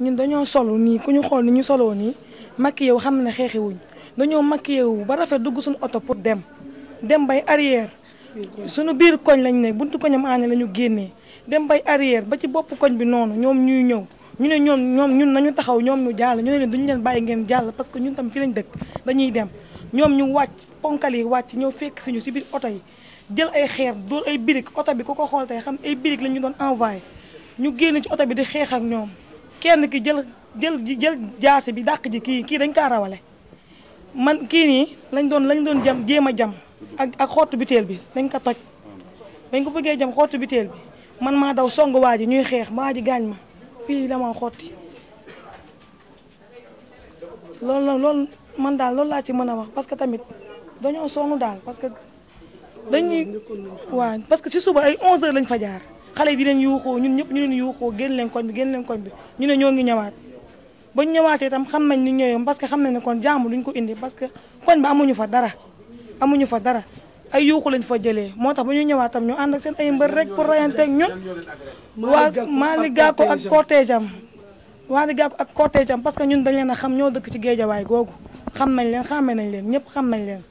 ñun dañoo solu nii ku ñu xool ni ñu soloo nii maquillé wu xam ne xeexi wuñ dañoo maquillé wu ba rafet dugg suñu oto pour dem dem bay arrière suñu biir koñ lañ ne buntu koñam aane la ñu génnee dem bay arrière ba ci bopp koñ bi noonu ñoom ñuy ñëw ñu ne ñoom ñoom ñun nañu taxaw ñoom ñu jàll ñu ne leen duñu leen bàyyi ngeen jàll parce que ñun tam fi lañ dëkk dañuy dem ñoom ñu wàcc ponkal yi wàcc ñëw fekk si ñu si biir oto yi jël ay xeer dóor ay birig oto bi ku ko xool tey xam ay birig la ñu doon envoyé ñu génn ci oto bi di xeex ak ñoom kenn ki jël jël jël jaasi bi dàq ji kii kii dañ kaa rawale man kii nii lañ doon lañ doon jam jéem a jam ak ak xottu biteel bi dañ ko toj bañ ko bëggee jam xottu biteel bi man maa daw song waa ñuy xeex waa ji gaañ ma fii la ma xotti loolu la loolu man daal lool laa ci mën a wax parce que tamit dañoo sonn daal parce que dañuy waa parce que ci suba ay 11 heures lañ fa jaar xale yi di leen yuuxoo ñun ñëpp ñu leen yuuxoo génn leen koñ bi génn leen koñ ñu ne ñoo ngi ñëwaat ba ñu ñëwaatee itam xam nañ ni ñëwee parce que xam nañ ne kon jaamu duñ ko indi parce que koñ ba amuñu fa dara amuñu fa dara ay yuuxu lañ fa jëlee moo tax ba ñu ñëwaat tam ñu ànd seen ay mbër rek pour rayante ak ñun waa Malick Gakou ak cortège am Malick Gakou ak cortège am parce que ñun dañ a xam ñoo dëkk ci waay googu xam nañ leen xàmmee nañ leen ñëpp xam nañ leen